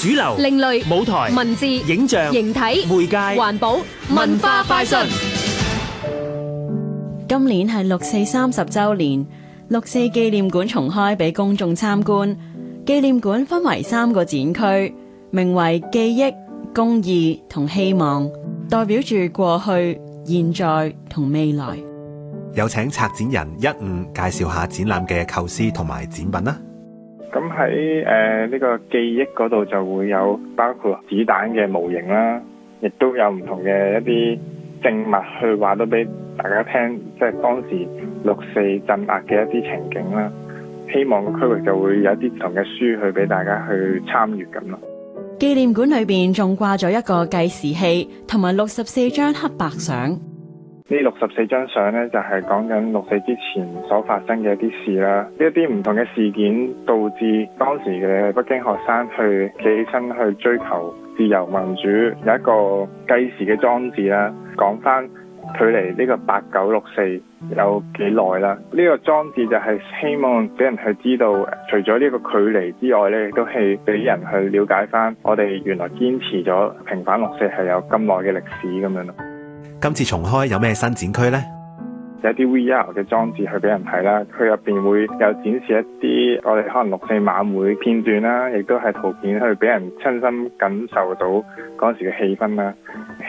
主流、另類舞台、文字、影像、形體、媒介、環保、文化、快訊。今年係六四三十周年，六四紀念館重開俾公眾參觀。紀念館分為三個展區，名為記憶、公義同希望，代表住過去、現在同未來。有請策展人一五介紹下展覽嘅構思同埋展品啦。咁喺誒呢個記憶嗰度就會有包括子彈嘅模型啦，亦都有唔同嘅一啲證物去話到俾大家聽，即係當時六四鎮壓嘅一啲情景啦。希望個區域就會有啲唔同嘅書去俾大家去參與咁咯。紀念館裏邊仲掛咗一個計時器，同埋六十四張黑白相。呢六十四張相咧，就係講緊六四之前所發生嘅一啲事啦。呢一啲唔同嘅事件，導致當時嘅北京學生去企起身去追求自由民主，有一個計時嘅裝置啦。講翻距離呢個八九六四有幾耐啦？呢個裝置就係希望俾人去知道，除咗呢個距離之外咧，亦都係俾人去了解翻我哋原來堅持咗平反六四係有咁耐嘅歷史咁樣咯。今次重開有咩新展區呢？有一啲 VR 嘅裝置去俾人睇啦，佢入邊會有展示一啲我哋可能六四晚會片段啦，亦都係圖片去俾人親身感受到嗰時嘅氣氛啦。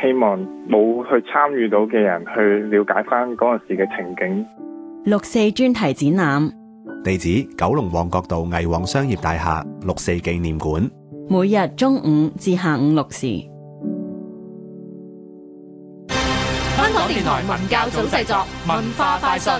希望冇去參與到嘅人去了解翻嗰陣時嘅情景。六四專題展覽地址：九龍旺角道藝旺商業大廈六四紀念館，每日中午至下午六時。香港電台文教組製作《文化快訊》。